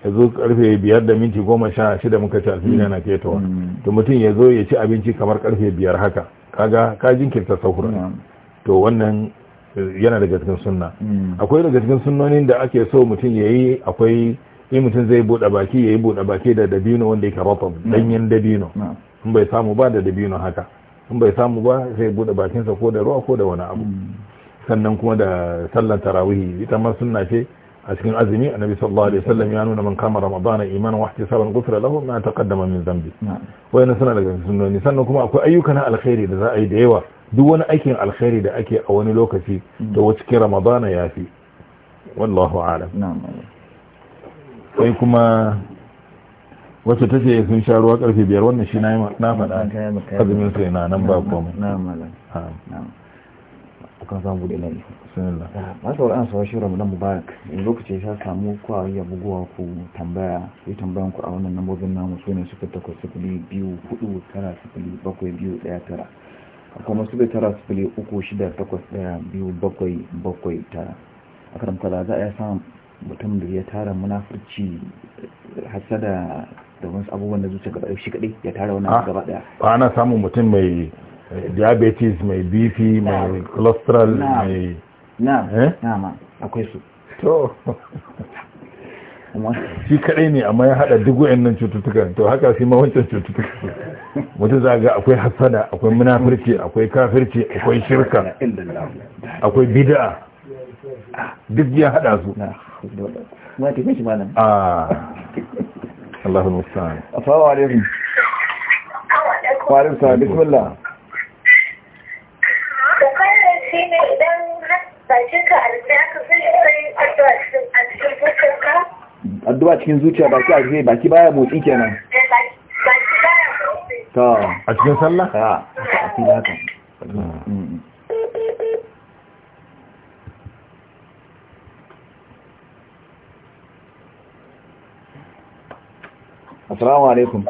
ya zo karfe biyar da minti goma sha shida muka ci alfijir mm. yana ketowa mm. to mutum ya zo ya ci abinci kamar karfe biyar haka kaga ka jinkirta sahura mm. to wannan eh, yana daga cikin sunna akwai daga cikin sunnonin da ake so mutum ya yi akwai in mutum zai buɗe baki ya yi buɗe baki da dabino wanda yake rafa danyen dabino in bai samu ba da dabino haka in bai samu ba zai buɗe bakinsa ko da ruwa ko da wani abu sannan kuma da sallar tarawihi ita ma sunna ce a cikin azumi annabi sallallahu alaihi wasallam ya nuna man kama ramadana imanan wa ihtisaban ghufira lahu ma taqaddama min dhanbi wayan suna daga sunnoni sannan kuma akwai ayyukan na alkhairi da za a yi da yawa duk wani aikin alkhairi da ake a wani lokaci da wa mm. ramadana yafi wallahu a'lam sai kuma wacce ta ce sun sha ruwa karfe biyar wannan shi na faɗa azumin sai na nan ba komai na'am akan samu buɗe layi masu wa'ala an sauwa shi ramadan mubarak in lokaci ya samu kwa ya buguwa ku tambaya yi tambayan ku a wannan nambobin namu su ne suka takwas sifili biyu hudu tara sifili bakwai biyu daya tara akwai masu bai tara sifili uku shida takwas daya biyu bakwai bakwai tara a karamtala za a yi samun mutum da ya tara munafurci hasada da wasu abubuwan da zuciya gaba shi kadai ya tara wani ah, gaba daya ba ana samun mutum mai diabetes mai bp mai cholesterol mai na'am eh? akwai su to shi kadai ne amma ya hada duk wayannan cututtuka to haka shi ma wancan cututtuka mutum za ga akwai hasada akwai munafurci akwai kafirci akwai shirka akwai bid'a duk ya hada su ma ta shi malam ah Allahu musta'an assalamu alaikum wa alaikum salam bismillah haka addu'a cikin zuciya baki a baki baya motsi kenan eh, ta a cikin sallah ta a cikin haka Assalamu alaikum.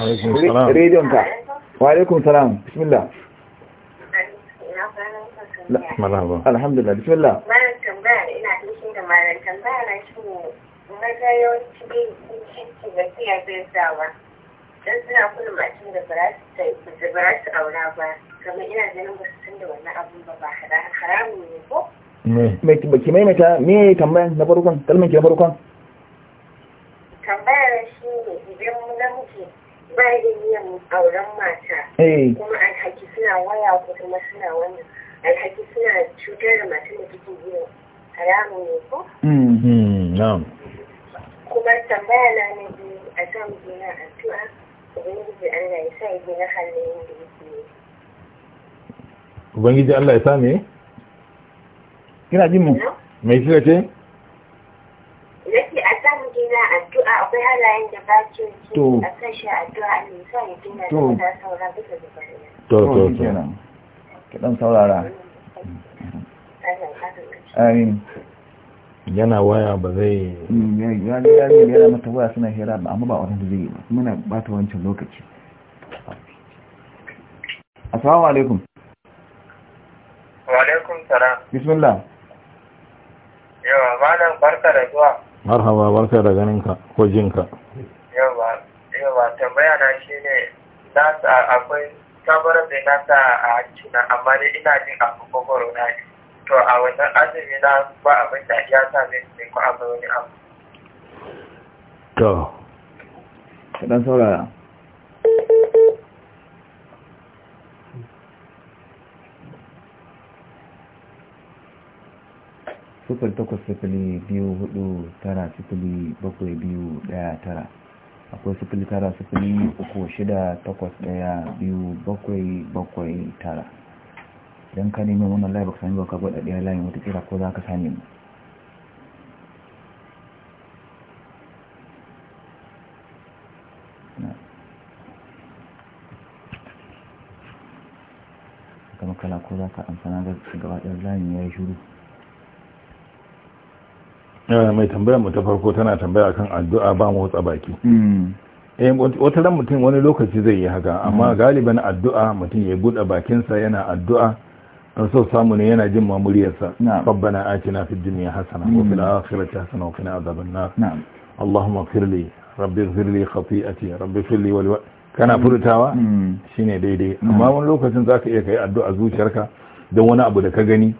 Alaikum salam. ka. Wa alaikum salam. Bismillah. Marhaba. Alhamdulillah, bismillah. Malam tambaya ina tushen da malam tambaya na shi maza yawanci bai shi ga siya bai sawa. Dan suna kula macin da ba su aura ba. Kamar ina ganin ba su san da wannan abun ba ba haramun ne ko? Baki maimaita me tambayan na farkon kalmar ke na farkon? Tambayar shi ne idan namiji ba da yin auren mata. Eh. Kuma alhaki suna waya ko kuma suna wannan alhaki suna cutar da matan da take haramun ne ko? Mm-hmm. kuma tambaya na biyu a kan gina addu'a ubangiji Allah ya sa ya gina halayen da yake ubangiji Allah ya sa me? kina jin mu mai kira ce? Nake a sa mu gina addu'a akwai halayen da ba ce a kashe addu'a ne ya gina da sauran bisa da bayan. To, to, to. ki dan saurara amin yana waya ba zai mm, yana mata waya suna hira ba amma ba wani da zai yi ba muna bata wancan lokaci assalamu alaikum wa alaikum tara bismillah yawa ba nan barka da zuwa marhaba barka da ganinka ko jinka yawa yawa tambaya na shine nasa akwai da bai sa a hancina amma dai ina jin abu kwakwaro na ne to a wannan azumi na ba abin da ya sa zai ne ko abu wani abu to kaɗan saurara sufuri takwas sufuri biyu hudu tara sufuri bakwai biyu daya tara akwai sufuri tara sufuri uku shida takwas daya biyu bakwai bakwai tara idan ka nemi wannan laifin sami ba ka gwada daya layin watakila ko za ka sami mu kama kala ko za ka amfana ga gaba layin ya yi shuru mai tambayar mu ta farko tana tambaya akan addu'a ba mu motsa baki hmm. eh, wata ran mutum wani lokaci zai yi haka amma hmm. galiban addu'a mutum ya buɗe bakinsa yana addu'a an so samu ne yana jin mamuriyarsa rabbana atina fid dunya hasana wa fil hmm. akhirati hasana wa qina adhaban nar allahumma ighfir li rabbi ighfir li khati'ati rabbi ighfir li wal kana furtawa shine daidai amma wani lokacin zaka iya kai addu'a zuciyarka don wani abu da ka gani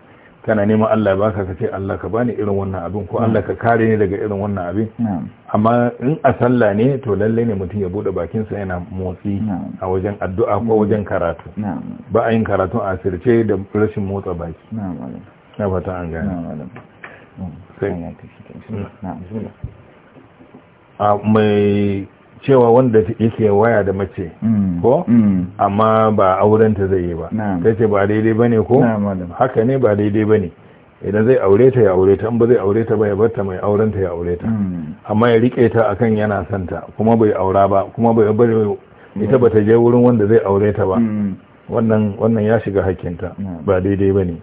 kana neman Allah ba ka ce Allah ka bani irin wannan abin ko Allah ka kare ni daga irin wannan abin amma in a sallah ne to lalle ne mutum ya bude sa yana motsi a wajen addu'a ko wajen karatu ba a yin karatu a asirce da rashin motsa baki na fata an gane mm. mai cewa wanda yake waya da mace mm. ko mm. amma ba aurenta zai yi ba ta ce ba daidai ba ne ko haka ne ba daidai ba ne idan zai aure ta ya aure ta in ba zai aure ta ba ya barta mai aurenta ya aure ta mm. amma ya rike ta akan yana santa kuma bai aura ba kuma bai bari ita ba ta je wurin wanda zai aure ta ba wannan ya shiga hakinta. ba daidai ba ne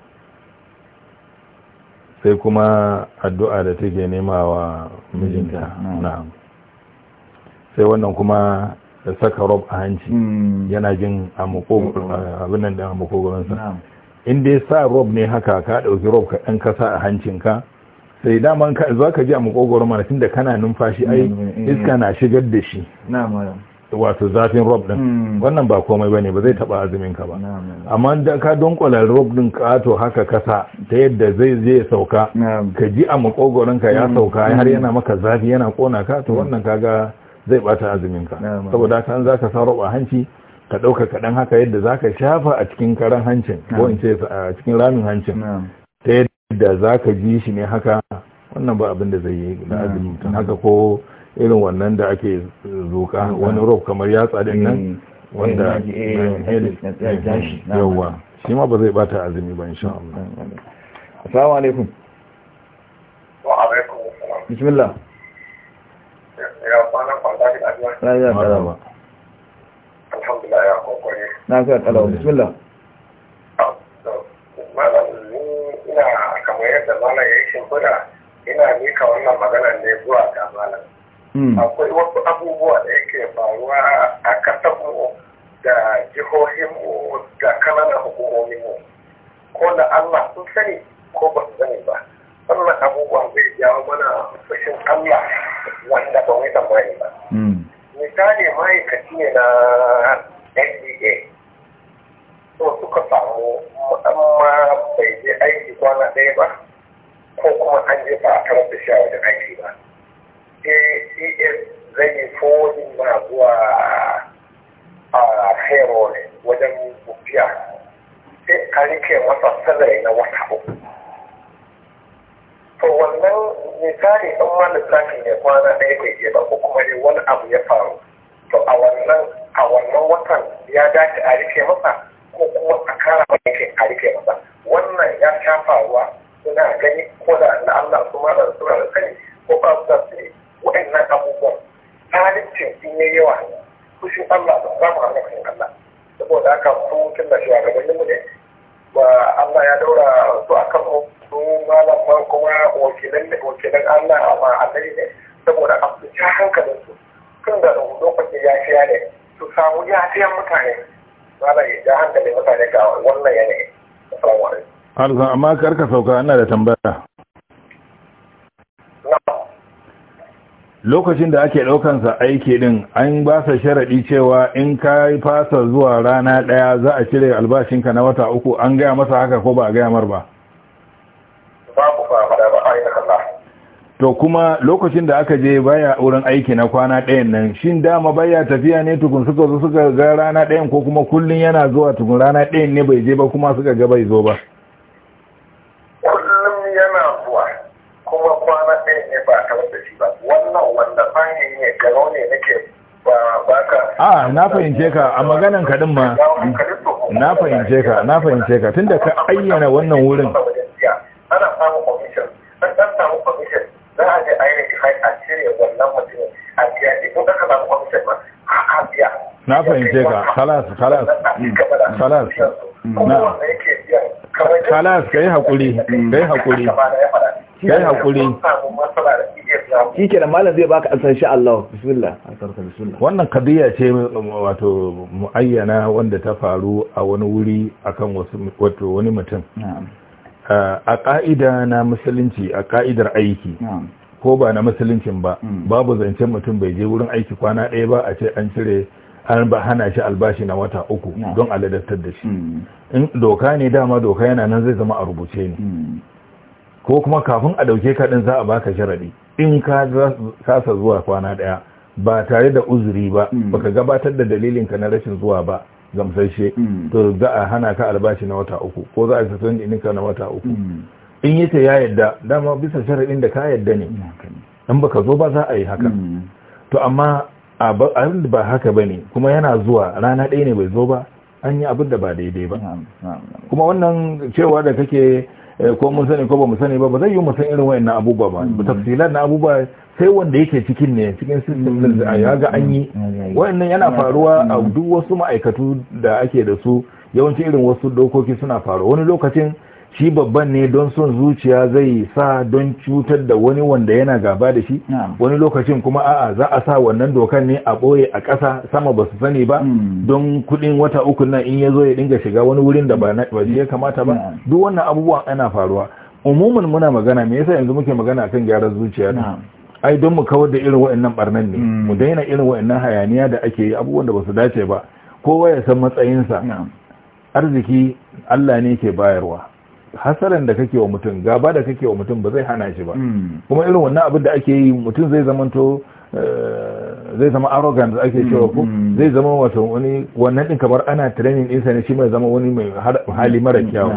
sai kuma addu'a da take nema wa mijinta na'am sai wannan kuma da saka rob a hanci hmm. yana jin abin nan da makogoronsa in dai sa rob ne haka ka ɗauki rob ka ɗan kasa a hancinka sai dama ka za ka ji a makogoron mana tun da kana numfashi ai hmm, hmm, iska na shigar da shi wato zafin rob din wannan ba komai bane ba zai taba azumin ka ba amma da ka donkola rob din kato haka kasa ta yadda zai je sauka ka ji a makogoron ka ya sauka har yana maka zafi yana kona ka to wannan kaga zai bata azuminka saboda kan za ka sa hanci ka ɗauka kaɗan haka yadda zaka shafa a cikin karan hancin ko in ce a cikin ramin hancin ta yadda za ji shi ne haka wannan ba abin da zai yi na azumi haka ko irin wannan da ake zuka wani rob kamar yatsa din nan wanda yawa shi ma ba zai bata azumi ba insha Allah assalamu alaikum wa alaikum bismillah lafiya kala ba na ya kokore ba bismillah kamar yadda malam ya ina mika wannan magana ne ga malam hmm. akwai wasu abubuwa da yake faruwa a ƙasarmu da jihohinmu da kananan hukumominmu ko da Allah sun sani ko ba su sani ba wannan abubuwa zai jawo mana fushin Allah wanda ba wai tsammani ba. Hmm. Misali ma'aikaci ne na NDA. So suka samu amma bai je aiki kwana ɗaya ba ko kuma an je ba a tarar da shi a wajen aiki ba. ACS zai yi fodin ma zuwa a Hero ne wajen bukiya. Sai a masa salari na wata uku. to wannan misali ɗan ma lissafin ya kwana ɗaya bai je ba ko kuma dai wani abu ya faru to a wannan a wannan watan ya dace a rike masa ko kuma a kara ba yake a rike masa wannan ya sha faruwa suna gani ko da Allah Allah su ma da suna da sani ko ba su da sani waɗannan abubuwan tarihin sun yi yawa kushin Allah mu samu kushin Allah saboda haka sun kin da shi a gaban mu ne ba Allah ya daura su a kan mu su malaman kuma wakilan Allah a ma'adai ne saboda a su ja hankalin su tun da lokacin fiya ne su samu yafiyan mutane mala ya ja hankalin mutane ga wannan yanayi assalamu alaikum Arzan amma karka sauka ana da tambaya. Lokacin da ake ɗaukansa aiki din an ba sa sharaɗi cewa in ka fasa zuwa rana ɗaya za a cire albashinka na wata uku an gaya masa haka ko ba a gaya mar ba. to kuma lokacin da aka je baya wurin aiki na kwana ɗayan nan shin dama baya tafiya ne tukun suka zo suka ga rana ɗayan ko kuma kullum yana zuwa tukun rana ɗayan ne bai je ba kuma suka ga bai zo ba kullum yana zuwa kuma kwana ɗayan ne ba a wanda shi ba wannan wanda bayan ne gano ne nake a na fahimce ka a maganan kaɗin ma na fahimce ka na fahimce ka tunda ka ayyana wannan wurin za a je a identify a cire wannan mutumin a biya ne ko kaka ba kuma mutum ba a biya na fahimce ka kalas kalas kalas na kalas kai hakuri kai hakuri kai hakuri shi ke da malam zai baka ansar sha Allah bismillah wannan kadiya ce um, wato muayyana wanda ta faru a wani wuri akan wasu wato wani mutum a ƙa'ida na musulunci a ƙa'idar aiki ko ba na musuluncin ba mm. babu zancen mutum bai je wurin aiki kwana ɗaya ba a ce an cire an ba hana shi albashi na wata uku don a da shi mm. in doka ne dama doka yana nan zai zama a rubuce ne mm. ko kuma kafin a ɗauke ka za a baka sharaɗi in ka kasa zuwa kwana ɗaya ba tare da uzuri ba baka gabatar da dalilinka na rashin zuwa ba gamsashe mm. to za a hana ka albashi na wata uku ko za a sasan ka na wata uku mm. in yi ta ya yadda dama bisa sharaɗin da ka yadda ne mm, in baka zo ba za a yi haka to amma abin da ba haka ba ne kuma yana zuwa rana ɗaya ne bai zo ba an yi abin da ba daidai ba kuma wannan cewa da kake eh, ko mun sani ko ba mu sani ba ba zai yi mu san irin wayannan abubuwa ba tafsilan na abubuwa sai wanda yake cikin ne cikin system din da ya ga an yi wannan yana faruwa a duk wasu ma'aikatu da ake da su yawanci irin wasu dokoki suna faruwa wani lokacin shi babban ne don son zuciya zai sa don cutar da wani wanda yana gaba da shi wani lokacin kuma a'a za a sa wannan dokan ne a boye a ƙasa sama ba su sani ba hmm. don kuɗin wata uku nan in ya zo ya dinga shiga wani wurin da ba na shi ya kamata ba duk wannan abubuwan ana faruwa umumin muna magana me yasa yanzu muke magana akan gyaran zuciya ai don mu kawar da irin wa'annan barnan ne mm. mu daina irin wa'annan hayaniya da ake yi abubuwan da ba su dace ba kowa ya san matsayinsa arziki Allah ne ke bayarwa hasaran da kake wa mutum gaba da kake wa mutum ba zai hana shi ba mm. kuma irin wannan abin da ake yi mutum zai to eh, zai zama arrogant da ake cewa ko mm, zai zama wato wani wannan din kamar ana training sa ne shi mai zama wani mai hali mara kyau.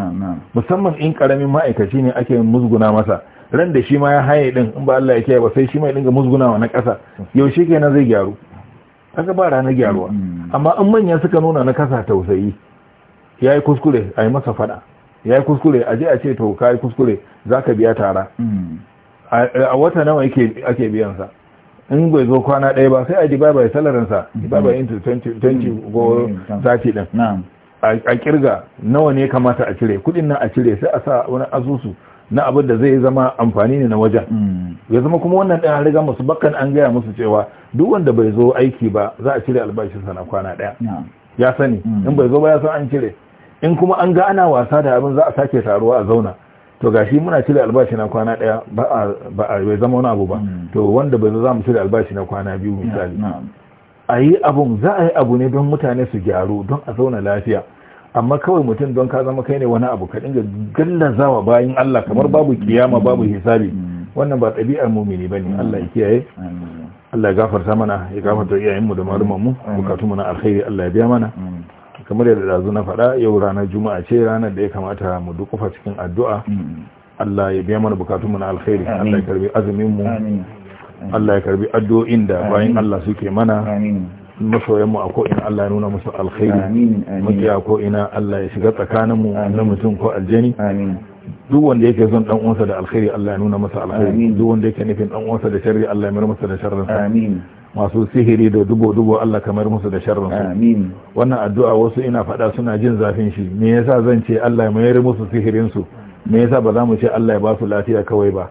musamman in karamin ma'aikaci ne ake musguna masa ran da shi ma ya haye din in ba Allah ya kiyaye ba sai shi mai dinga musgunawa na kasa yaushe kenan zai gyaru kaga ba ranar gyaruwa mm-hmm. amma in manya suka nuna na kasa tausayi yayi kuskure a masa fada yayi kuskure a je a ce to kai kuskure zaka biya tara mm-hmm. a wata nawa yake ake biyan sa in bai zo kwana ɗaya ba sai a diba bai salarin sa mm-hmm. diba bai into 20 go sati din a kirga nawa ne kamata a cire kudin nan a cire sai a sa wani asusu na abin da zai zama amfani ne na wajen mm. ya zama kuma wannan ɗan riga musu bakan an gaya musu cewa duk wanda bai zo aiki ba za a cire albashinsa na kwana ɗaya ya sani mm. in bai zo ba ya san an cire in kuma an ga ana wasa da abin za a sake taruwa a zauna to gashi muna cire albashi na kwana ɗaya ba a bai zama wani abu ba mm. to wanda bai zo za mu cire albashi na kwana biyu misali a yi abun za a yi abu ne don mutane su gyaru don a zauna lafiya amma kawai mutum don ka zama kai ne wani abu ka dinga gallazawa bayan Allah kamar babu kiyama babu hisabi wannan ba ɗabi'ar mumini bane Allah ya kiyaye Allah ya gafarta mana ya gafarta iyayenmu da malumanmu mu na alkhairi Allah ya biya mana kamar yadda dazu na faɗa yau ranar juma'a ce ranar da ya kamata mu dukufa cikin addu'a Allah ya biya mana mu na alkhairi Allah ya karbi azumin mu Allah ya karbi addu'o'in da bayan Allah suke mana mu a ko'ina Allah ya nuna musu alkhairi makiya ko'ina Allah ya shiga tsakaninmu na mutum ko aljani duk wanda yake son dan uwansa da alkhairi Allah ya nuna masa alkhairi duk wanda yake nufin dan uwansa da sharri Allah ya mayar masa da sharrin amin masu sihiri da dubo dubo Allah kamar musu da sharrin amin wannan addu'a wasu ina faɗa suna jin zafin shi me yasa zan ce Allah ya mayar musu sihirin su me yasa ba za mu ce Allah ya ba su lafiya kawai ba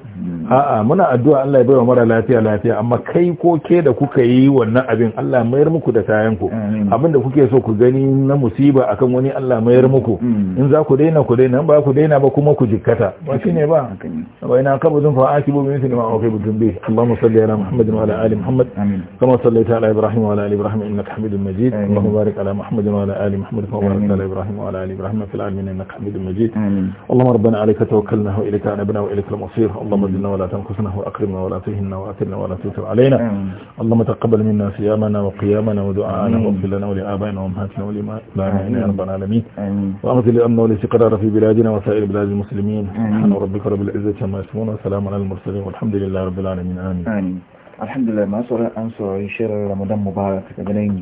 a'a muna addu'a Allah ya bai wa mara lafiya lafiya amma kai ko ke da kuka yi wannan abin Allah mayar muku da kayan ku abin da kuke so ku gani na musiba akan wani Allah mayar muku hmm. in za ku daina ku daina ba ku daina ba kuma ku jikkata ba ne ba wa ina ka kabudun fa akibu bi ne ma uqibtum bi Allahumma salli ala Muhammad wa ala ali Muhammad kama sallaita ala Ibrahim wa ala ali Ibrahim innaka Hamidum Majid Allahumma barik ala Muhammad wa ala ali Muhammad kama barakta ala Ibrahim wa ala ali Ibrahim fil alamin innaka Hamidum Majid Allahumma rabbana عليك توكلنا وإليك أنبنا وإليك المصير اللهم اجلنا ولا تنقصنا وأكرمنا ولا تهنا وآتنا ولا تتب علينا اللهم تقبل منا صيامنا وقيامنا ودعاءنا واغفر لنا ولآبائنا وأمهاتنا ولإمامنا يا رب العالمين وأغفر لأمنا والاستقرار في بلادنا وسائر بلاد المسلمين سبحان ربك رب العزة عما يصفون وسلام على المرسلين والحمد لله رب العالمين آمين Alhamdulillah, masu an saurari أنصر Ramadan رمضان مبارك nan